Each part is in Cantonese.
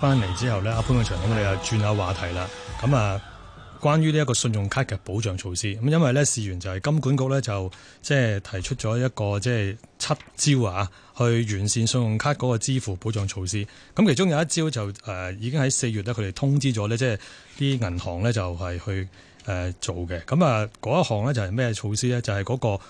翻嚟之後呢，阿潘永祥，咁你又轉下話題啦。咁啊，關於呢一個信用卡嘅保障措施，咁因為呢事源就係金管局呢就即係提出咗一個即係七招啊，去完善信用卡嗰個支付保障措施。咁其中有一招就誒，已經喺四月呢，佢哋通知咗呢，即係啲銀行呢就係去誒做嘅。咁啊，嗰一項呢就係咩措施呢？就係、是、嗰、那個。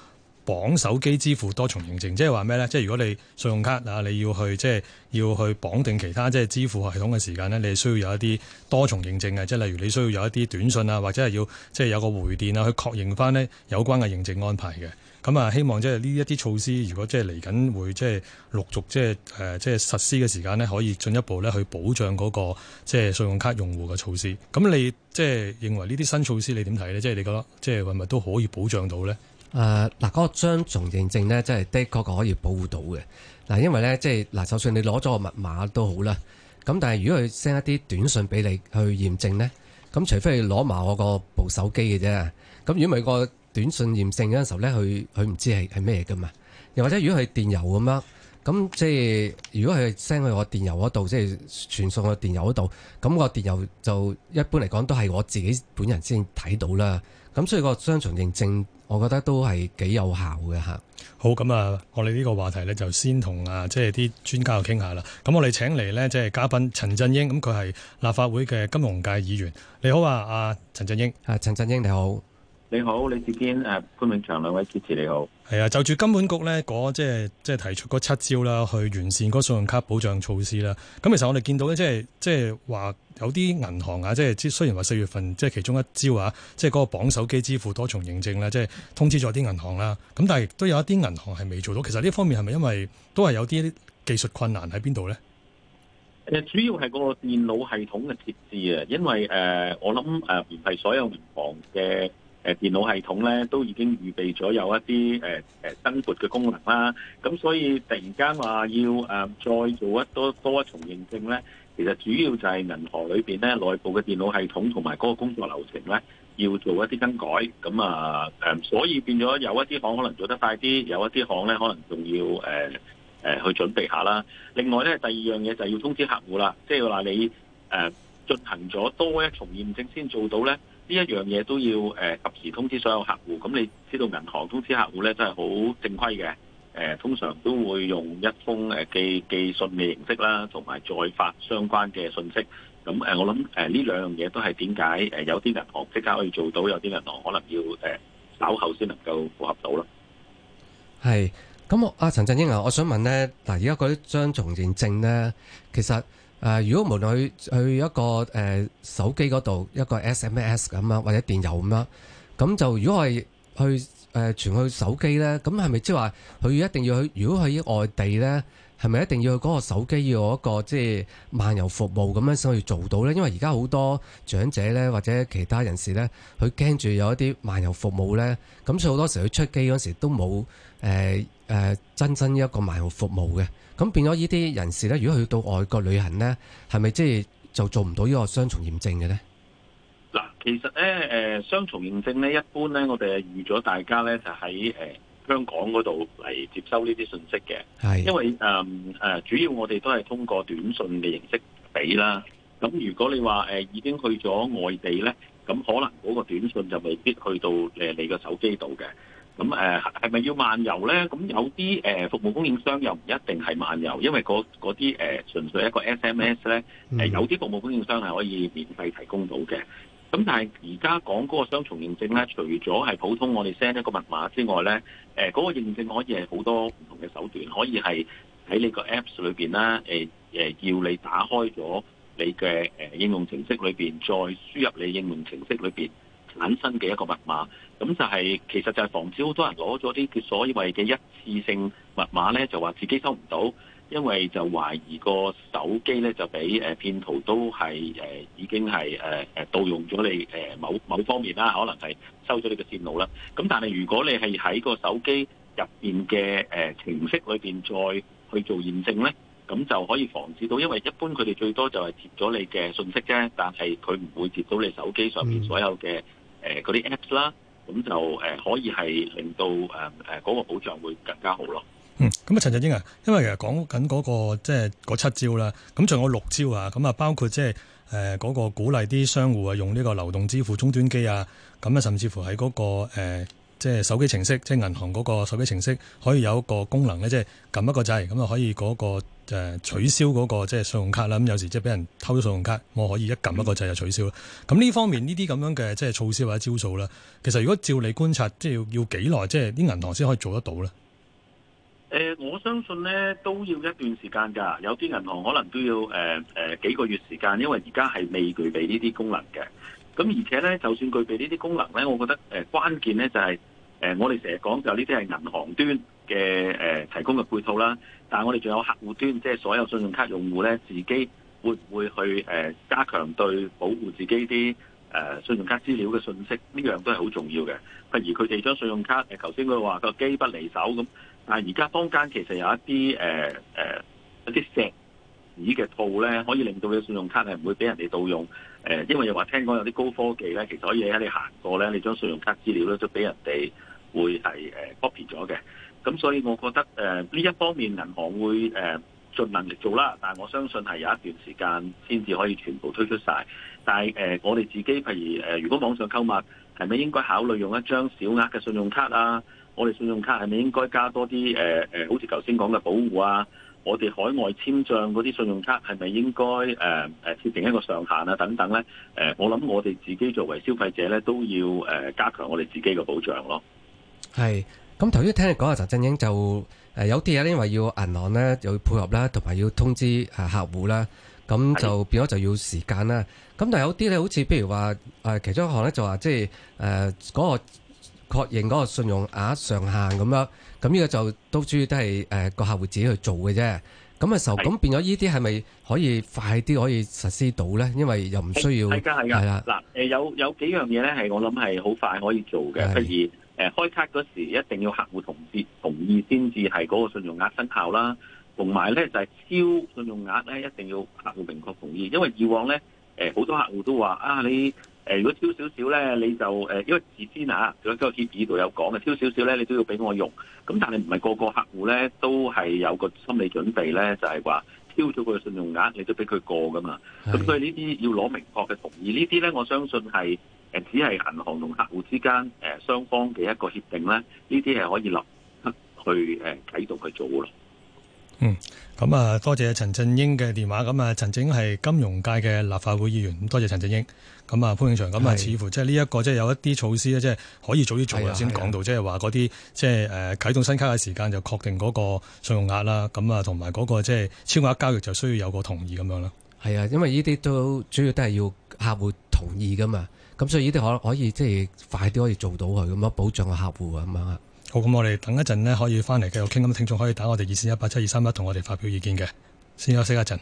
綁手機支付多重認證，即係話咩呢？即係如果你信用卡啊，你要去即係要去綁定其他即係支付系統嘅時間呢，你係需要有一啲多重認證嘅，即係例如你需要有一啲短訊啊，或者係要即係有個回電啊，去確認翻呢有關嘅認證安排嘅。咁啊，希望即係呢一啲措施，如果即係嚟緊會即係陸續即係誒、呃、即係實施嘅時間呢，可以進一步咧去保障嗰、那個即係信用卡用戶嘅措施。咁你即係認為呢啲新措施你點睇呢？即係你覺得即係係咪都可以保障到呢？誒、呃、嗱，嗰、嗰個雙重認證咧，真係的確可以保護到嘅。嗱，因為咧，即係嗱，就算你攞咗個密碼都好啦。咁但係如果佢 send 一啲短信俾你去驗證咧，咁除非你攞埋我個部手機嘅啫。咁如果唔係個短信驗證嗰陣時候咧，佢佢唔知係係咩㗎嘛。又或者如果係電郵咁樣，咁即係如果係 send 去我電郵嗰度，即係傳送我電郵嗰度，咁個電郵就一般嚟講都係我自己本人先睇到啦。咁所以個雙重認證。我覺得都係幾有效嘅嚇。好，咁啊，我哋呢個話題呢，就先同啊，即係啲專家又傾下啦。咁我哋請嚟呢，即係嘉賓陳振英，咁佢係立法會嘅金融界議員。你好啊，阿陳振英。啊，陳振英，你好。你好，李志堅誒，潘永祥兩位主持，你好。係啊，就住金管局咧，講即係即係提出嗰七招啦，去完善嗰信用卡保障措施啦。咁其實我哋見到咧，即係即係話有啲銀行啊，即係雖然話四月份即係其中一招啊，即係嗰個綁手機支付多重認證啦，即係通知咗啲銀行啦。咁但係亦都有一啲銀行係未做到。其實呢方面係咪因為都係有啲技術困難喺邊度咧？誒，主要係個電腦系統嘅設置啊。因為誒，我諗誒唔係所有銀行嘅。誒電腦系統咧都已經預備咗有一啲誒誒增撥嘅功能啦，咁所以突然間話要誒、呃、再做一多多一重認證咧，其實主要就係銀行裏面咧內部嘅電腦系統同埋嗰個工作流程咧要做一啲更改，咁啊、呃、所以變咗有一啲行可能做得快啲，有一啲行咧可能仲要誒、呃呃、去準備下啦。另外咧，第二樣嘢就係要通知客戶啦，即係話你誒、呃、進行咗多一重驗證先做到咧。呢一樣嘢都要誒，及、呃、時通知所有客戶。咁、嗯、你知道銀行通知客戶咧，真係好正規嘅。誒、呃，通常都會用一封誒寄寄信嘅形式啦，同埋再發相關嘅信息。咁、嗯、誒、呃，我諗誒呢兩樣嘢都係點解誒有啲銀行即刻可以做到，有啲銀行可能要誒、呃、稍後先能夠符合到咯。係，咁我阿陳振英啊，我想問咧，嗱而家嗰啲張重現證咧，其實。誒，如果無論去去一個誒手機嗰度一個 SMS 咁樣，或者電郵咁樣，咁就如果我係去誒傳去手機咧，咁係咪即係話佢一定要去？如果去外地咧，係咪一定要去嗰個手機要有一個即係漫遊服務咁樣先可以做到咧？因為而家好多長者咧或者其他人士咧，佢驚住有一啲漫遊服務咧，咁所以好多時佢出機嗰時都冇誒誒新增一個萬豪服務嘅，咁變咗呢啲人士咧，如果去到外國旅行咧，係咪即係就做唔到呢個雙重驗證嘅咧？嗱，其實咧，誒雙重驗證咧，一般咧，我哋預咗大家咧，就喺誒香港嗰度嚟接收呢啲信息嘅。係，因為誒誒、嗯，主要我哋都係通過短信嘅形式俾啦。咁如果你話誒已經去咗外地咧，咁可能嗰個短信就未必去到誒你個手機度嘅。咁誒係咪要漫遊咧？咁有啲誒服務供應商又唔一定係漫遊，因為嗰嗰啲誒純粹一個 SMS 咧，誒有啲服務供應商係可以免費提供到嘅。咁但係而家講嗰個雙重認證咧，除咗係普通我哋 send 一個密碼之外咧，誒嗰個認證可以係好多唔同嘅手段，可以係喺你個 Apps 裏邊啦，誒誒叫你打開咗你嘅誒應用程式裏邊，再輸入你應用程式裏邊產生嘅一個密碼，咁就係、是、其實就係防止好多人攞咗啲佢所謂嘅一次性密碼呢，就話自己收唔到，因為就懷疑個手機呢，就俾誒、呃、騙徒都係、呃、已經係誒、呃、盜用咗你、呃、某某方面啦，可能係收咗你嘅線路啦。咁但係如果你係喺個手機入邊嘅、呃、程式裏邊再去做驗證呢，咁就可以防止到，因為一般佢哋最多就係接咗你嘅信息啫，但係佢唔會接到你手機上面所有嘅。誒嗰啲 Apps 啦，咁就誒、呃、可以係令到誒誒嗰個保障會更加好咯。嗯，咁、嗯、啊，陳振英啊，因為其實講緊嗰個即係嗰七招啦，咁仲有六招啊，咁啊包括即係誒嗰個鼓勵啲商戶啊用呢個流動支付終端機啊，咁、嗯、啊甚至乎喺嗰、那個即係、呃就是、手機程式，即、就、係、是、銀行嗰個手機程式可以有一個功能咧，即係撳一個掣咁啊可以嗰、那個。誒取消嗰個即係信用卡啦，咁有時即係俾人偷咗信用卡，我可以一撳一個掣就取消啦。咁呢方面呢啲咁樣嘅即係措施或者招數啦，其實如果照你觀察，即係要要幾耐，即係啲銀行先可以做得到咧？誒、呃，我相信咧都要一段時間㗎，有啲銀行可能都要誒誒、呃、幾個月時間，因為而家係未具備呢啲功能嘅。咁而且咧，就算具備呢啲功能咧，我覺得誒關鍵咧就係、是、誒、呃、我哋成日講就呢啲係銀行端，嘅提供嘅配套啦，但係我哋仲有客戶端，即係所有信用卡用戶咧，自己會唔會去誒加強對保護自己啲誒信用卡資料嘅信息？呢樣都係好重要嘅。譬如佢哋將信用卡誒頭先佢話個機不離手咁，但係而家坊間其實有一啲誒誒一啲錫紙嘅套咧，可以令到你信用卡係唔會俾人哋盜用。誒，因為又話聽講有啲高科技咧，其實可以喺你行過咧，你將信用卡資料咧都俾人哋會係誒 copy 咗嘅。咁所以，我覺得誒呢、呃、一方面銀行會誒、呃、盡能力做啦，但係我相信係有一段時間先至可以全部推出晒。但係、呃、我哋自己譬如誒、呃，如果網上購物係咪應該考慮用一張小額嘅信用卡啊？我哋信用卡係咪應該加多啲誒、呃、好似頭先講嘅保護啊？我哋海外簽賬嗰啲信用卡係咪應該誒誒、呃、設定一個上限啊？等等咧誒、呃，我諗我哋自己作為消費者咧都要誒、呃、加強我哋自己嘅保障咯。係。咁頭先聽你講啊，陳振英就誒有啲嘢，因為要銀行咧，要配合啦，同埋要通知誒客戶啦，咁就變咗就要時間啦。咁但係有啲咧，好似譬如話誒其中一項咧，就話即係誒嗰個確認嗰個信用額上限咁樣，咁呢個就都主要都係誒個客戶自己去做嘅啫。咁嘅時候，咁變咗呢啲係咪可以快啲可以實施到咧？因為又唔需要係啊嗱誒，有有幾樣嘢咧係我諗係好快可以做嘅，不如。誒開卡嗰時一定要客戶同意同意先至係嗰個信用額生效啦，同埋咧就係、是、超信用額咧一定要客戶明確同意，因為以往咧呃好多客戶都話啊你、呃、如果超少少咧你就誒、呃、因為之前啊，佢喺個協議度有講嘅，超少少咧你都要俾我用，咁但係唔係個個客戶咧都係有個心理準備咧，就係話超咗個信用額你都俾佢過噶嘛，咁所以呢啲要攞明確嘅同意，呢啲咧我相信係。只係銀行同客戶之間誒雙方嘅一個協定咧，呢啲係可以立刻去誒啟動去做咯。嗯，咁、嗯、啊，多謝陳振英嘅電話。咁、嗯、啊，陳振英係金融界嘅立法會議員，多謝陳振英。咁、嗯、啊，潘永祥，咁、嗯、啊，似乎即係呢一個即係、就是、有一啲措施咧，即、就、係、是、可以早啲做啊。先講到即係話嗰啲即係誒啟動新卡嘅時間就確定嗰個信用額啦。咁、嗯、啊，同埋嗰個即係超額交易就需要有個同意咁樣咯。係啊，因為呢啲都主要都係要客戶同意噶嘛。咁所以呢啲可可以即係、就是、快啲可以做到佢，咁樣保障個客戶啊咁樣啊。好，咁我哋等一陣呢，可以翻嚟繼續傾，咁聽眾可以打我哋熱線一八七二三一同我哋發表意見嘅。先休息一陣，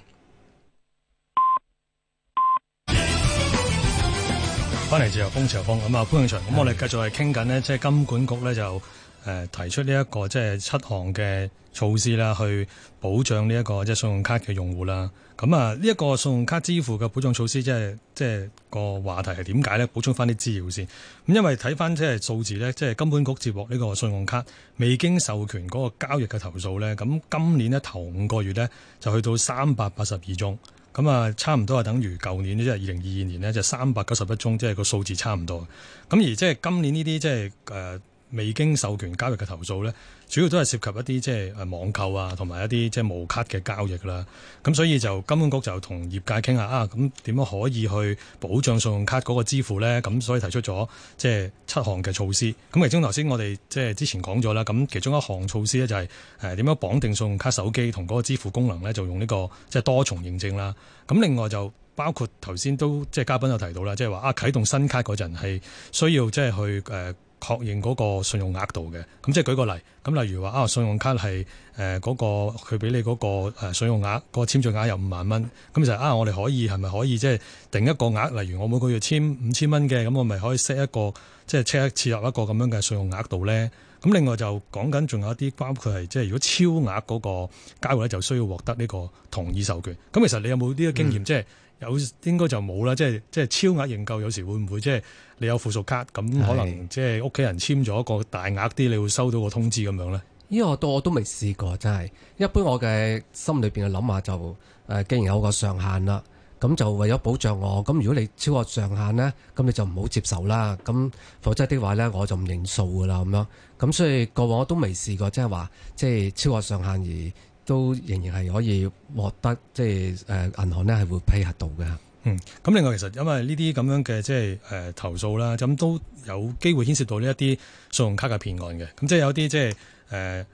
翻嚟自由風自由風。咁、嗯、啊，潘永祥，咁我哋繼續係傾緊呢，即係金管局咧就。誒提出呢一個即係七項嘅措施啦，去保障呢一個即係信用卡嘅用戶啦。咁啊，呢一個信用卡支付嘅保障措施，即係即係個話題係點解呢？補充翻啲資料先。咁因為睇翻即係數字呢，即係金管局接獲呢個信用卡未經授權嗰個交易嘅投訴呢。咁今年呢頭五個月呢，就去到三百八十二宗。咁啊，差唔多係等於舊年即係二零二二年呢，就三百九十一宗，即係個數字差唔多。咁而即係今年呢啲即係誒。未經授權交易嘅投訴咧，主要都係涉及一啲即係誒網購啊，同埋一啲即係無卡嘅交易啦。咁所以就金管局就同業界傾下啊，咁點樣可以去保障信用卡嗰個支付咧？咁所以提出咗即係七項嘅措施。咁其中頭先我哋即係之前講咗啦，咁其中一項措施咧就係誒點樣綁定信用卡手機同嗰個支付功能咧，就用呢個即係多重認證啦。咁另外就包括頭先都即係嘉賓有提到啦，即係話啊，啟動新卡嗰陣係需要即係去、呃確認嗰個信用額度嘅，咁即係舉個例，咁例如話啊，信用卡係誒嗰個佢俾你嗰個信用額，個簽賬額有五萬蚊，咁其實啊，我哋可以係咪可以即係、就是、定一個額？例如我每個月簽五千蚊嘅，咁我咪可以 set 一個即係、就是、設一次入一個咁樣嘅信用額度咧？咁另外就講緊仲有一啲包括佢係即係如果超額嗰個交易咧，就需要獲得呢個同意授權。咁其實你有冇呢個經驗即係？嗯。有應該就冇啦，即係即係超額認購有時會唔會即係你有附屬卡咁，可能即係屋企人簽咗個大額啲，你會收到個通知咁樣呢？呢、呢個我都我都未試過，真係一般我嘅心裏面嘅諗下，就竟、呃、既然有個上限啦，咁就為咗保障我，咁如果你超過上限呢，咁你就唔好接受啦，咁否則的話呢，我就唔認數噶啦咁樣。咁所以過往我都未試過，即係話即係超過上限而。都仍然係可以獲得，即係誒銀行咧係會配合到嘅。嗯，咁另外其實因為呢啲咁樣嘅即係誒投訴啦，咁都有機會牽涉到呢一啲信用卡嘅騙案嘅。咁即係有啲即係誒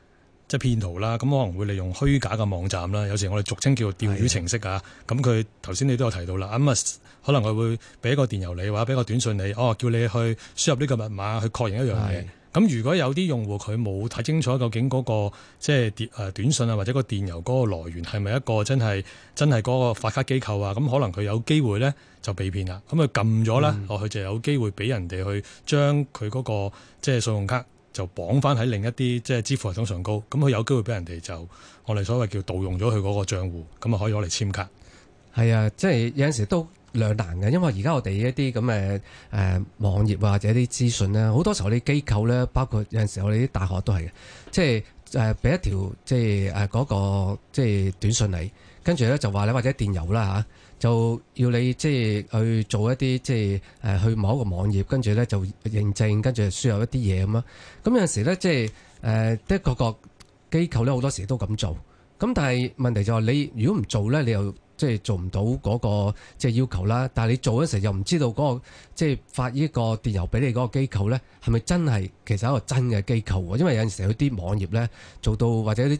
即係騙徒啦，咁可能會利用虛假嘅網站啦，有時我哋俗稱叫做釣魚程式啊。咁佢頭先你都有提到啦，咁、嗯、啊可能佢會俾一個電郵你，或者俾個短信你，哦叫你去輸入呢個密碼去確認一樣嘢。咁如果有啲用戶佢冇睇清楚究竟嗰個即係短信啊或者個電郵嗰個來源係咪一個真係真係嗰個發卡機構啊？咁可能佢有機會呢就被騙啦。咁佢撳咗啦落佢就有機會俾人哋去將佢嗰個即係信用卡就綁翻喺另一啲即係支付系統上高。咁佢有機會俾人哋就我哋所謂叫盜用咗佢嗰個賬戶，咁啊可以攞嚟簽卡。係啊，即係有陣時都。兩難嘅，因為而家我哋一啲咁嘅誒網頁或者一啲資訊咧，好多時候啲機構咧，包括有陣時我哋啲大學都係嘅，即係誒俾一條即係誒嗰個即係短信你，跟住咧就話你或者電郵啦吓就要你即係去做一啲即係誒去某一個網頁，跟住咧就認證，跟住輸入一啲嘢咁樣。咁有陣時咧即係誒的確個機構咧好多時都咁做。咁但係問題就係你如果唔做呢，你又即係做唔到嗰個即係要求啦。但係你做嘅時候又唔知道嗰、那個即係、就是、發呢個電郵俾你嗰個機構呢，係咪真係其實一個真嘅機構喎？因為有陣時有啲網頁呢，做到或者啲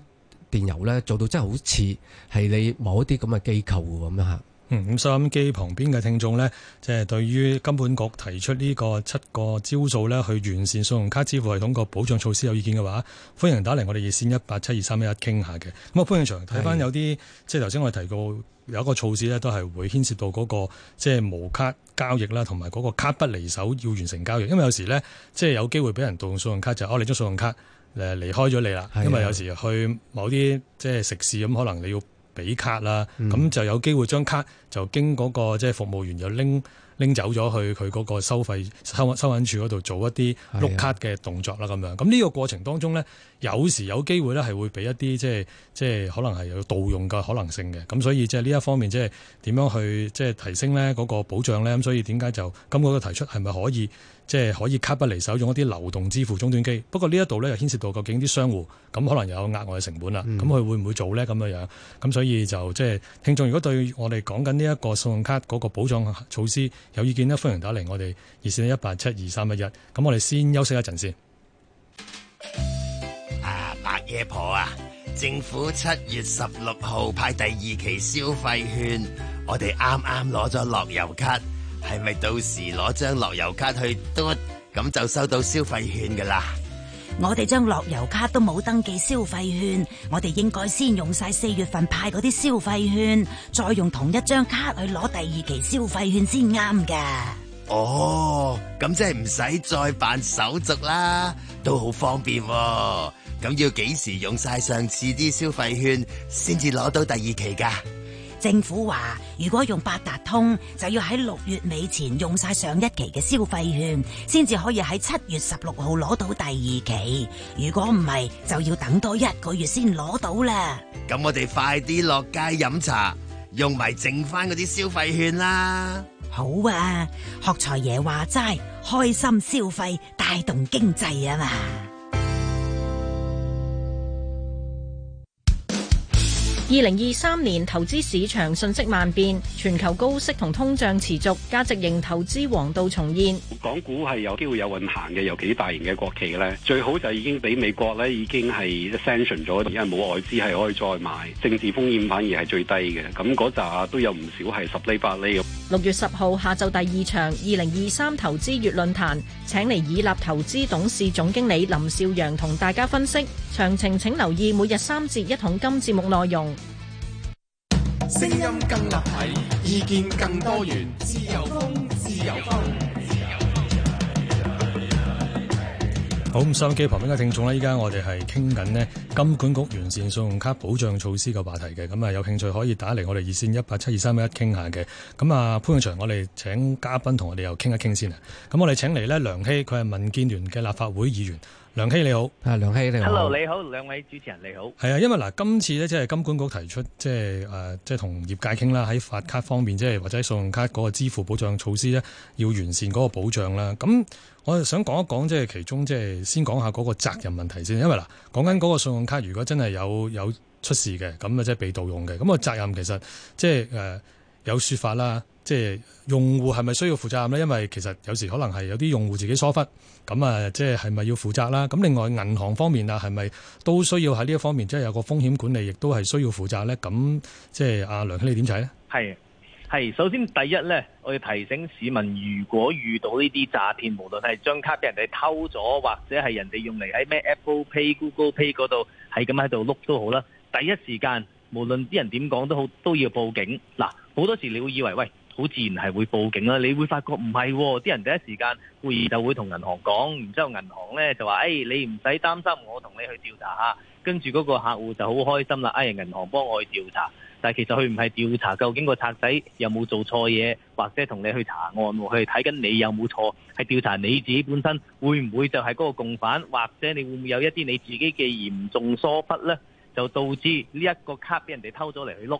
電郵呢，做到真係好似係你某一啲咁嘅機構咁樣嚇。咁、嗯、收音機旁邊嘅聽眾呢，即係對於金管局提出呢個七個招數呢去完善信用卡支付系統個保障措施有意見嘅話，歡迎打嚟我哋熱線 1872311, 一八七二三一一傾下嘅。咁、嗯、啊，潘永祥睇翻有啲，即係頭先我哋提過有一個措施呢都係會牽涉到嗰個即係無卡交易啦，同埋嗰個卡不離手要完成交易。因為有時呢，即係有機會俾人盜用信用卡就是、哦，你張信用卡誒離開咗你啦，因為有時去某啲即係食肆咁，可能你要。俾卡啦，咁就有機會將卡就經嗰個即係服務員又拎拎走咗去佢嗰個收費收收銀處嗰度做一啲碌卡嘅動作啦，咁樣。咁呢個過程當中呢，有時有機會呢係會俾一啲即係即係可能係有盜用嘅可能性嘅。咁所以即係呢一方面即係點樣去即係提升呢嗰個保障呢？咁所以點解就咁、嗰個嘅提出係咪可以？即係可以卡不離手，用一啲流動支付終端機。不過呢一度呢又牽涉到究竟啲商戶咁可能又有額外嘅成本啦，咁、嗯、佢會唔會做呢？咁樣樣？咁所以就即係聽眾，如果對我哋講緊呢一個信用卡嗰個保障措施有意見呢，歡迎打嚟我哋熱線一八七二三一一。咁我哋先休息一陣先。啊，白夜婆啊！政府七月十六號派第二期消費券，我哋啱啱攞咗樂悠卡。係咪到時攞張樂悠卡去嘟，咁就收到消費券噶啦？我哋張樂悠卡都冇登記消費券，我哋應該先用晒四月份派嗰啲消費券，再用同一張卡去攞第二期消費券先啱噶。哦，咁即係唔使再辦手續啦，都好方便喎。咁要幾時用晒上次啲消費券先至攞到第二期噶？政府話如果用八達通就要喺六月尾前用晒上一期嘅消費券，先至可以喺七月十六號攞到第二期。如果唔係就要等多一個月先攞到啦。咁我哋快啲落街飲茶，用埋剩翻嗰啲消費券啦。好啊，學財爺話齋，開心消費帶動經濟啊嘛。二零二三年投資市場信息萬變，全球高息同通脹持續，價值型投資黃道重現。港股係有機會有運行嘅，尤其啲大型嘅國企咧，最好就已經俾美國咧已經係 ascension 咗，而家冇外資係可以再買，政治風險反而係最低嘅。咁嗰扎都有唔少係十厘八厘。咁。六月十號下晝第二場二零二三投資月論壇，請嚟以立投資董事總經理林少陽同大家分析，詳情請留意每日三節一桶金節目內容。聲音更立體，意見更多元，自由風，自由風。好，咁收音機旁邊嘅聽眾呢？依家我哋係傾緊呢金管局完善信用卡保障措施嘅話題嘅，咁啊有興趣可以打嚟我哋熱線一八七二三一一傾下嘅。咁啊潘永祥，我哋請嘉賓同我哋又傾一傾先啊。咁我哋請嚟呢梁熙，佢係民建聯嘅立法會議員。梁熙你好，啊梁熙你好，Hello 你好，兩位主持人你好，係啊，因為嗱，今次呢，即係金管局提出，即係誒，即係同業界傾啦，喺發卡方面，即係或者信用卡嗰個支付保障措施呢，要完善嗰個保障啦。咁我哋想講一講，即係其中，即係先講下嗰個責任問題先。因為嗱，講緊嗰個信用卡，如果真係有有出事嘅，咁啊即係被盜用嘅，咁個責任其實即係誒有說法啦。即係用戶係咪需要負責任呢？因為其實有時可能係有啲用戶自己疏忽，咁啊，即係係咪要負責啦？咁另外銀行方面啊，係咪都需要喺呢一方面即係有個風險管理，亦都係需要負責呢？咁即係阿梁兄，你點睇呢？係，係首先第一呢，我要提醒市民，如果遇到呢啲詐騙，無論係張卡俾人哋偷咗，或者係人哋用嚟喺咩 Apple Pay、Google Pay 嗰度係咁喺度碌都好啦，第一時間無論啲人點講都好，都要報警。嗱，好多時你會以為喂～好自然係會報警啦、啊！你會發覺唔係啲人第一時間會就會同銀行講，然之後銀行咧就話：誒你唔使擔心，我同你去調查下。」跟住嗰個客戶就好開心啦！呀銀行幫我去調查，但係其實佢唔係調查究竟個賊仔有冇做錯嘢，或者同你去查案喎。佢係睇緊你有冇錯，係調查你自己本身會唔會就係嗰個共犯，或者你會唔會有一啲你自己嘅嚴重疏忽呢，就導致呢一個卡俾人哋偷咗嚟去碌。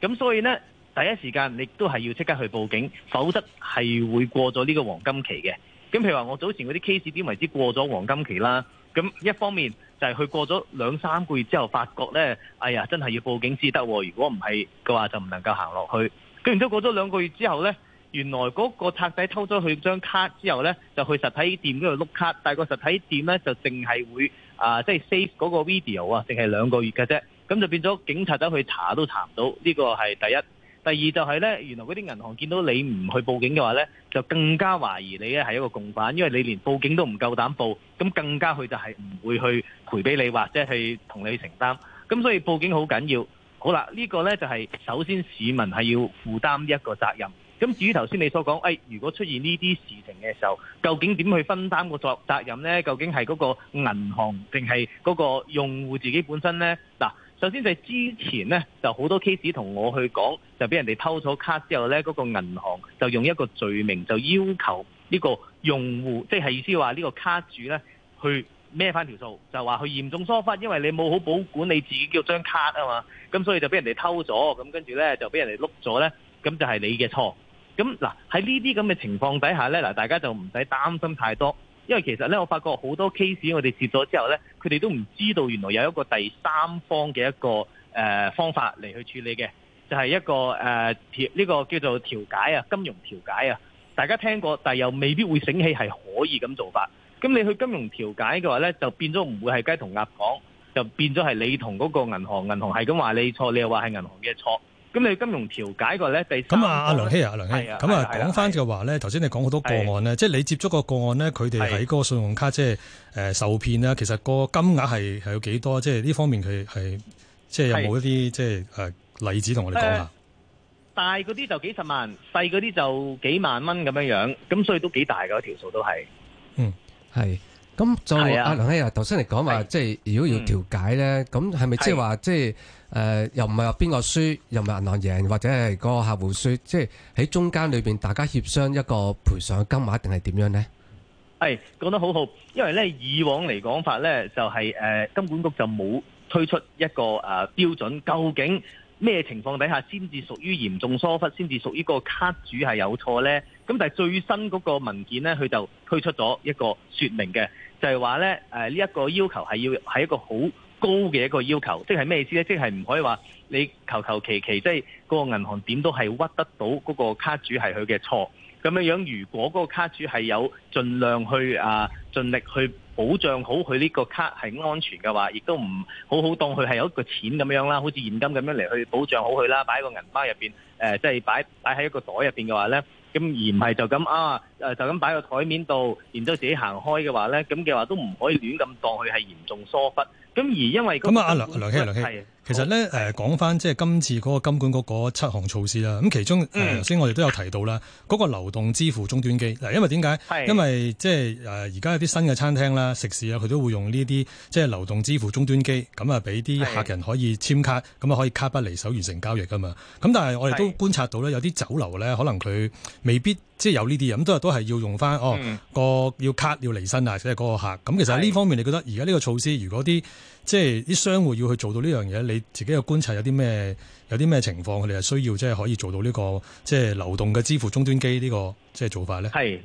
咁所以呢。第一時間你都係要即刻去報警，否則係會過咗呢個黃金期嘅。咁譬如話，我早前嗰啲 case 點為之過咗黃金期啦？咁一方面就係佢過咗兩三個月之後，發覺呢，哎呀，真係要報警先得啊。如果唔係嘅話，就唔能夠行落去。跟住都過咗兩個月之後呢，原來嗰個賊仔偷咗佢張卡之後呢，就去實體店嗰度碌卡，但係個實體店呢，就淨係會啊，即係 save 嗰個 video 啊，淨係兩個月嘅啫。咁就變咗警察走去查都查唔到，呢個係第一。第二就係呢，原來嗰啲銀行見到你唔去報警嘅話呢，就更加懷疑你咧係一個共犯，因為你連報警都唔夠膽報，咁更加佢就係唔會去賠俾你或者係同你去承擔。咁所以報警好緊要。好啦，呢個呢就係首先市民係要負擔一個責任。咁至於頭先你所講，誒，如果出現呢啲事情嘅時候，究竟點去分擔個作責任呢？究竟係嗰個銀行定係嗰個用戶自己本身呢？嗱。首先就係之前咧，就好多 case 同我去講，就俾人哋偷咗卡之後咧，嗰個銀行就用一個罪名就要求呢個用戶，即係意思話呢個卡主咧去孭翻條數，就話佢嚴重疏忽，因為你冇好保管你自己叫張卡啊嘛，咁所以就俾人哋偷咗，咁跟住咧就俾人哋碌咗咧，咁就係你嘅錯。咁嗱喺呢啲咁嘅情況底下咧，嗱大家就唔使擔心太多。因為其實咧，我發覺好多 case 我哋接咗之後咧，佢哋都唔知道原來有一個第三方嘅一個誒、呃、方法嚟去處理嘅，就係、係、一個誒、呃、調呢、呢個叫做調解啊，金融調解啊，大家聽過，但又未必會醒起係可以咁做法。咁你去金融調解嘅話咧，就變咗唔會係雞同鴨講，就變咗係你同嗰個銀行，銀行係咁話你錯，你又話係銀行嘅錯。咁你金融調解過咧，第咁啊阿梁熙啊，梁熙咁啊講翻嘅話咧，頭先你講好多個案咧，即係你接觸個個案咧，佢哋喺嗰個信用卡即係誒受騙啦。其實個金額係有幾多？即係呢方面佢係即係有冇一啲即係誒例子同我哋講下？大嗰啲就幾十萬，細嗰啲就幾萬蚊咁樣樣，咁所以都幾大噶條數都係嗯，係。咁就阿梁熙啊，頭先嚟講話，即係如果要調解咧，咁係咪即係話，即係誒，又唔係話邊個輸，又唔係銀行贏，或者係個客戶輸，即係喺中間裏面大家協商一個賠償嘅金額，定係點樣呢？係講得好好，因為咧以往嚟講法咧，就係誒金管局就冇推出一個誒標準，究竟咩情況底下先至屬於嚴重疏忽，先至屬於個卡主係有錯咧？咁但係最新嗰個文件咧，佢就推出咗一個說明嘅。就係話咧，誒呢一個要求係要係一個好高嘅一個要求，即係咩意思咧？即係唔可以話你求求其其，即係個銀行點都係屈得到嗰個卡主係佢嘅錯咁樣樣。如果嗰個卡主係有盡量去啊，盡力去保障好佢呢個卡係安全嘅話，亦都唔好好當佢係有一個錢咁樣啦，好似現金咁樣嚟去保障好佢啦，擺喺個銀包入邊，誒即係擺擺喺一個袋入邊嘅話咧。咁而唔係就咁啊，就咁擺個台面度，然之後自己行開嘅話咧，咁嘅話都唔可以亂咁當佢係嚴重疏忽。咁而因為咁、那個、啊，阿梁梁熙啊，梁熙，梁熙其實咧誒講返即係今次嗰個金管局嗰七項措施啦。咁其中頭先、嗯呃、我哋都有提到啦，嗰、那個流動支付終端機嗱，因為點解？因為即係誒而家有啲新嘅餐廳啦、食肆啊，佢都會用呢啲即係流動支付終端機，咁啊俾啲客人可以簽卡，咁啊可以卡不離手完成交易噶嘛。咁但係我哋都觀察到咧，有啲酒樓咧可能佢未必。即係有呢啲咁都都係要用翻哦、嗯、個要 cut 要離身啊！即係嗰個客咁，其實呢方面，你覺得而家呢個措施，如果啲即係啲商戶要去做到呢樣嘢，你自己嘅觀察有啲咩有啲咩情況，佢哋係需要即係可以做到呢、呢個即係流動嘅支付終端機呢、呢個即係做法咧？係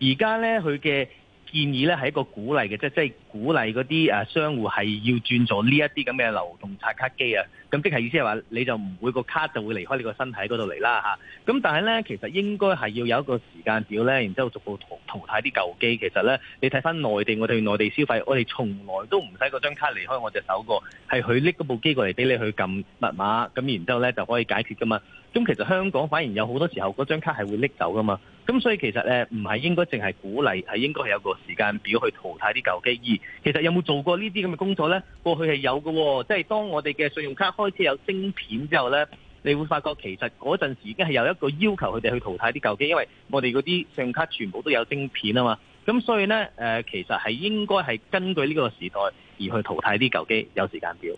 而家咧佢嘅建議咧係一個鼓勵嘅，即係即係。鼓勵嗰啲誒商戶係要轉做呢一啲咁嘅流動刷卡機啊，咁即係意思係話你就唔會個卡就會離開你個身體嗰度嚟啦吓。咁但係呢，其實應該係要有一個時間表呢。然之後逐步淘淘汰啲舊機。其實呢，你睇翻內地，我哋去內地消費，我哋從來都唔使嗰張卡離開我隻手過，係佢搦嗰部機過嚟俾你去撳密碼，咁然之後呢就可以解決噶嘛。咁其實香港反而有好多時候嗰張卡係會拎走噶嘛。咁所以其實咧，唔係應該淨係鼓勵，係應該係有個時間表去淘汰啲舊機。其實有冇做過呢啲咁嘅工作呢？過去係有嘅。哦，即係當我哋嘅信用卡開始有晶片之後呢，你會發覺其實嗰陣時已經係有一個要求，佢哋去淘汰啲舊機，因為我哋嗰啲信用卡全部都有晶片啊嘛。咁所以呢，誒、呃，其實係應該係根據呢個時代而去淘汰啲舊機，有時間表。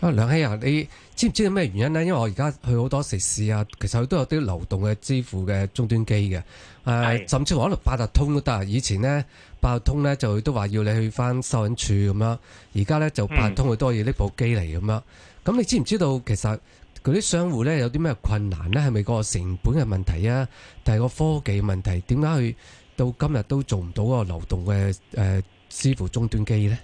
阿、啊、梁熙啊，你知唔知道咩原因呢？因為我而家去好多食肆啊，其實佢都有啲流動嘅支付嘅終端機嘅、呃，甚至可能八達通都得。以前呢。八通咧就都話要你去翻收銀處咁樣，而家咧就八通佢多要拎部機嚟咁樣。咁你知唔知道其實嗰啲商戶咧有啲咩困難咧？係咪個成本嘅問題啊？定係個科技問題？點解去到今日都做唔到個流動嘅誒支付終端機咧？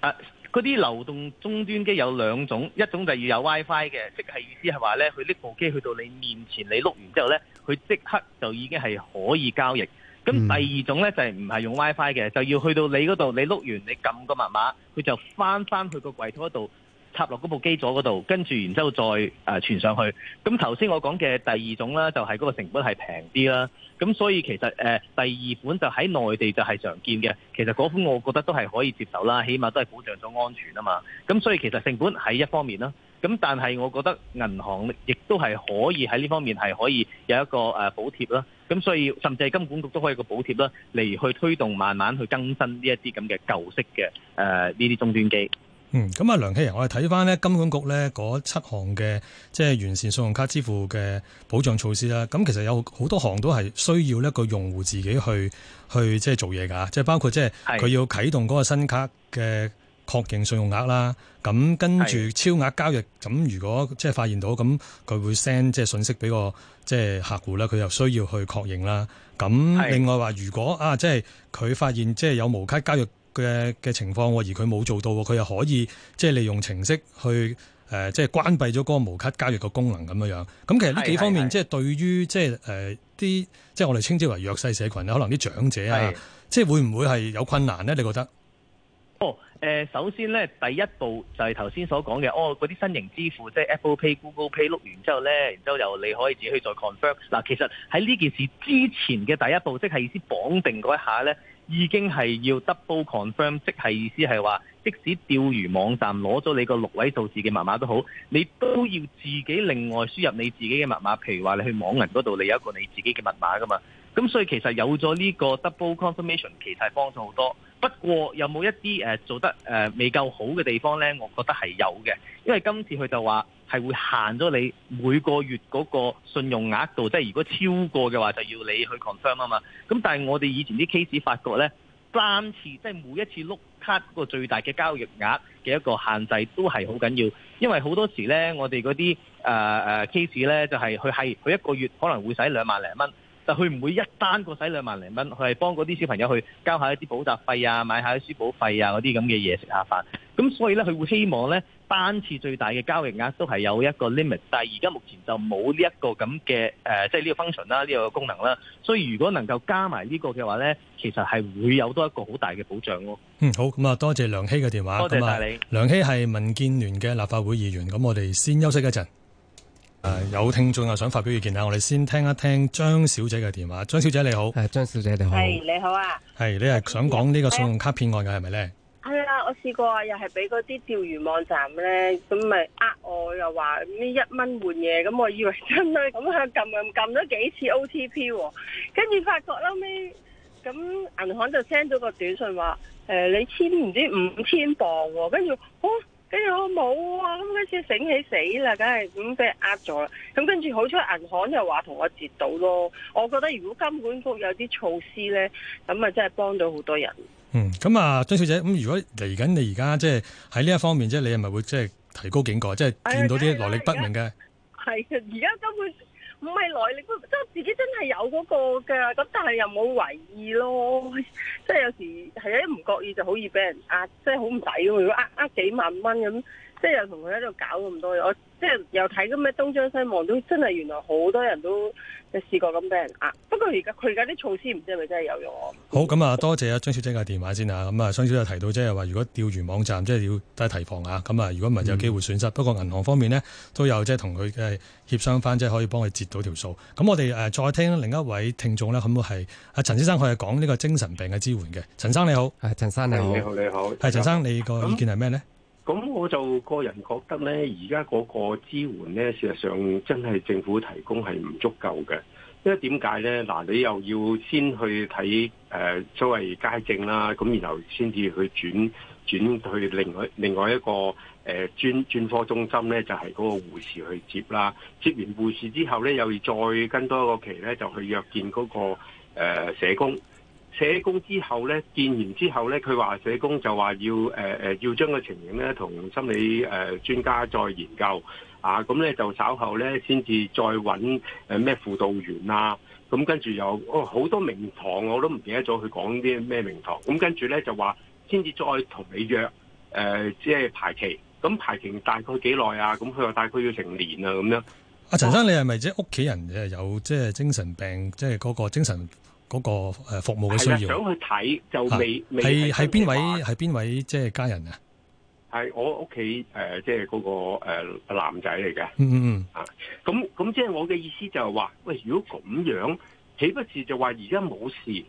啊，嗰啲流動終端機有兩種，一種就要有 WiFi 嘅，即係意思係話咧，佢拎部機去到你面前，你碌完之後咧，佢即刻就已經係可以交易。咁、嗯、第二種咧就係唔係用 WiFi 嘅，就要去到你嗰度，你碌完，你撳個密碼，佢就翻翻去個櫃枱嗰度插落嗰部機咗嗰度，跟住然之後再誒、呃、傳上去。咁頭先我講嘅第二種啦就係、是、嗰個成本係平啲啦。咁所以其實誒、呃、第二款就喺內地就係常見嘅。其實嗰款我覺得都係可以接受啦，起碼都係保障咗安全啊嘛。咁所以其實成本係一方面啦。咁但係我覺得銀行亦都係可以喺呢方面係可以有一個誒、呃、補貼啦。咁所以甚至係金管局都可以個補貼啦，嚟去推動慢慢去更新呢一啲咁嘅舊式嘅誒呢啲終端機。嗯，咁啊梁熙，我哋睇翻呢金管局呢嗰七項嘅即係完善信用卡支付嘅保障措施啦。咁其實有好多行都係需要一個用戶自己去去即係做嘢㗎，即係包括即係佢要啟動嗰個新卡嘅。確認信用額啦，咁跟住超額交易，咁如果即係發現到咁，佢會 send 即係信息俾個即係客戶啦，佢又需要去確認啦。咁另外話，如果啊即係佢發現即係有無卡交易嘅嘅情況，而佢冇做到，佢又可以即係利用程式去誒，即係關閉咗嗰個無卡交易嘅功能咁樣樣。咁其實呢幾方面，即係對於，對於、呃、即係誒啲即係我哋稱之為弱勢社群啦，可能啲長者啊，即係會唔會係有困難呢？你覺得？哦。誒，首先咧，第一步就係頭先所講嘅，哦，嗰啲新型支付，即係 Apple Pay、Google Pay，碌完之後咧，然之後由你可以自己去再 confirm。嗱，其實喺呢件事之前嘅第一步，即係意思綁定嗰一下咧，已經係要 double confirm，即係意思係話，即使釣魚網站攞咗你個六位數字嘅密碼都好，你都要自己另外輸入你自己嘅密碼。譬如話你去網銀嗰度，你有一個你自己嘅密碼噶嘛。咁所以其實有咗呢個 double confirmation，其實係幫咗好多。不過有冇一啲做得未夠好嘅地方呢？我覺得係有嘅，因為今次佢就話係會限咗你每個月嗰個信用額度，即係如果超過嘅話，就要你去 confirm 啊嘛。咁但係我哋以前啲 case 發覺呢，三次即係每一次碌卡嗰個最大嘅交易額嘅一個限制都係好緊要，因為好多時呢，我哋嗰啲 case 呢，呃、就係佢係佢一個月可能會使兩萬零蚊。就佢唔會一單過使兩萬零蚊，佢係幫嗰啲小朋友去交下一啲補習費啊，買下一啲書簿費啊嗰啲咁嘅嘢食下飯。咁所以咧，佢會希望咧單次最大嘅交易額都係有一個 limit，但係而家目前就冇呢一個咁嘅誒，即係呢個 function 啦，呢個功能啦。所以如果能夠加埋呢個嘅話咧，其實係會有多一個好大嘅保障咯。嗯，好，咁啊，多謝梁熙嘅電話。多謝你。梁熙係民建聯嘅立法會議員。咁我哋先休息一陣。有聽眾啊，想發表意見啊，我哋先聽一聽，張小姐嘅電話。張小姐你好，誒，張小姐你好，係你好啊，係你係想講呢個信用卡騙案嘅係咪咧？係啊，我試過啊，又係俾嗰啲釣魚網站咧，咁咪呃我又話咩一蚊換嘢，咁我以為真咧，咁佢撳撳撳咗幾次 OTP，跟住發覺後尾咁銀行就 send 咗個短信話，誒、呃，你簽唔知五千磅，跟、欸、住，哦。哎呀，我冇啊！咁跟住醒起死啦，梗係咁俾人呃咗啦。咁跟住好彩銀行又話同我截到咯。我覺得如果金管局有啲措施咧，咁啊真係幫到好多人。嗯、咁、嗯、啊，張小姐，咁如果嚟緊你而家即係喺呢一方面即係，你係咪會即係、就是、提高警覺，即係見到啲來歷不明嘅？係嘅，而家根本。唔係來歷，即係自己真係有嗰個㗎，咁但係又冇為意咯，即係有時係一唔覺意就好易俾人呃，即係好唔抵咯，如果呃呃幾萬蚊咁。即係又同佢喺度搞咁多嘢，我即係又睇咁咩東張西望，都真係原來好多人都嘅試過咁俾人呃、啊。不過而家佢而家啲措施唔知係咪真係有用、啊、好咁啊、嗯嗯，多謝啊張小姐嘅電話先啊。咁、嗯、啊，張小姐提到即係話，如果釣魚網站即係、就是、要都係提防啊。咁啊，如果唔係有機會損失、嗯。不過銀行方面呢，都有即係同佢嘅協商翻，即、就、係、是、可以幫佢截到條數。咁我哋誒、呃、再聽另一位聽眾呢，咁樣係阿陳先生，佢係講呢個精神病嘅支援嘅。陳生你好，係、哎、陳生你好，你好，你好你好，係陳生，嗯、你個意見係咩呢？嗯咁我就個人覺得呢，而家嗰個支援呢，事實上真係政府提供係唔足夠嘅，因為點解呢？嗱，你又要先去睇誒、呃、所謂街症啦，咁然後先至去轉轉去另外另外一個誒專專科中心呢，就係、是、嗰個護士去接啦，接完護士之後呢，又要再跟多一個期呢，就去約見嗰、那個、呃、社工。社工之後咧，見完之後咧，佢話社工就話要誒誒、呃、要將個情形咧，同心理誒、呃、專家再研究啊，咁、嗯、咧就稍後咧先至再揾誒咩輔導員啊，咁、嗯、跟住又哦好多名堂我都唔記得咗，佢講啲咩名堂？咁、嗯、跟住咧就話先至再同你約誒，即、呃、係、就是、排期。咁、嗯、排期大概幾耐啊？咁佢話大概要成年啊，咁、嗯、樣。阿、啊、陳生，啊、你係咪即係屋企人有即係、就是、精神病，即係嗰個精神？嗰、那個服務嘅需要，想去睇就未未係係邊位？係邊位？即係、就是、家人啊？係我屋企誒即係個誒、呃、男仔嚟嘅。嗯嗯啊，咁咁即係我嘅意思就係話喂，如果咁樣豈不是就話而家冇事？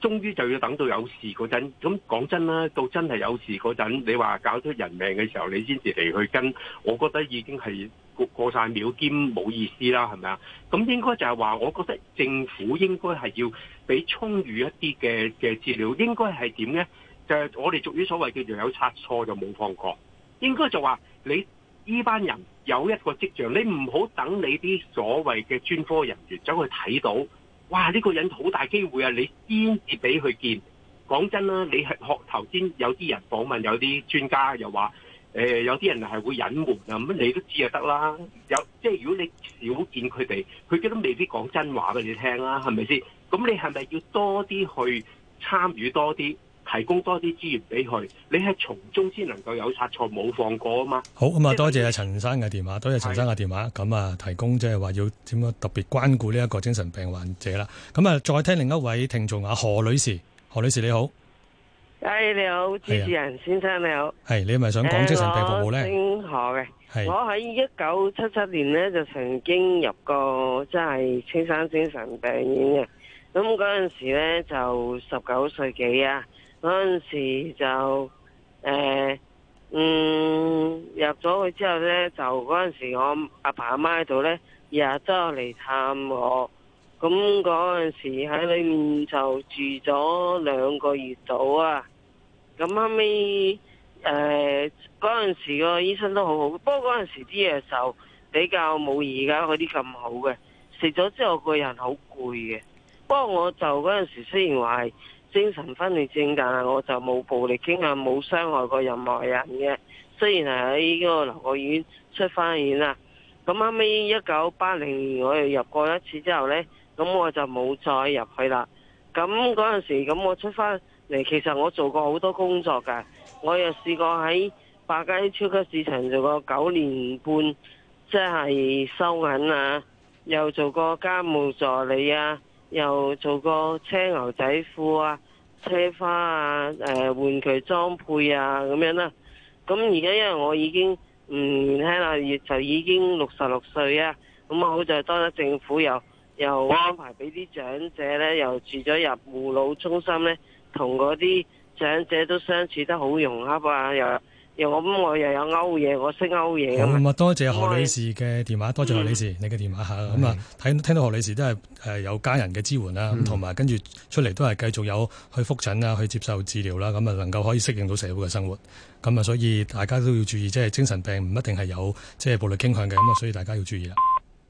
終於就要等到有事嗰陣，咁講真啦，到真係有事嗰陣，你話搞出人命嘅時候，你先至嚟去跟，我覺得已經係過晒秒兼冇意思啦，係咪啊？咁應該就係話，我覺得政府應該係要俾充裕一啲嘅嘅資料，應該係點呢？就係、是、我哋俗語所謂叫做有差錯就冇放過，應該就話你呢班人有一個跡象，你唔好等你啲所謂嘅專科人員走去睇到。哇！呢、這個人好大機會啊！你先至俾佢見。講真啦，你學頭先有啲人訪問，有啲專家又話、呃，有啲人係會隱瞞啊。咁、嗯、你都知就得啦。有即係如果你少見佢哋，佢都未必講真話俾你聽啦、啊，係咪先？咁你係咪要多啲去參與多啲？提供多啲資源俾佢，你係從中先能夠有殺錯冇放過啊嘛。好咁啊、嗯，多謝陳生嘅電話，多謝陳生嘅電話。咁啊，提供即係話要點樣特別關顧呢一個精神病患者啦。咁啊，再聽另一位聽眾啊，何女士，何女士你好。誒你好，主持人先生你好。係你係咪想講精神病服務咧？我姓何嘅。我喺一九七七年咧就曾經入過即係青山精神病院嘅。咁嗰陣時咧就十九歲幾啊？嗰陣時就誒、欸、嗯入咗去之後呢，就嗰陣時我阿爸阿媽喺度呢，日日都嚟探我。咁嗰陣時喺裏面就住咗兩個月度啊。咁後尾，誒嗰陣時個醫生都好好，不過嗰陣時啲嘢就比較冇而家嗰啲咁好嘅。食咗之後個人好攰嘅，不過我就嗰陣時雖然話係。精神分裂症，但係我就冇暴力傾向，冇傷害過任何人嘅。雖然係喺嗰個留過院出了，出翻院啦。咁後尾一九八零年我又入過一次之後呢，咁我就冇再入去啦。咁嗰陣時候，咁我出翻嚟，其實我做過好多工作嘅。我又試過喺百佳超級市場做過九年半，即係收銀啊，又做過家務助理啊。又做過車牛仔褲啊、車花啊、誒、呃、玩具裝配啊咁樣啦、啊。咁而家因為我已經唔年輕啦，亦就已經六十六歲啊。咁啊，好在多得政府又又安排俾啲長者咧，又住咗入護老中心咧，同嗰啲長者都相處得好融洽啊，又。又咁我又有勾嘢，我識勾嘢咁啊！多謝何女士嘅電話，多謝何女士、嗯、你嘅電話吓咁、嗯、啊！睇聽到何女士都係誒有家人嘅支援啦，同埋跟住出嚟都係繼續有去復診啦，去接受治療啦，咁啊能夠可以適應到社會嘅生活，咁、嗯、啊所以大家都要注意，即係精神病唔一定係有即係暴力傾向嘅，咁啊所以大家要注意啦。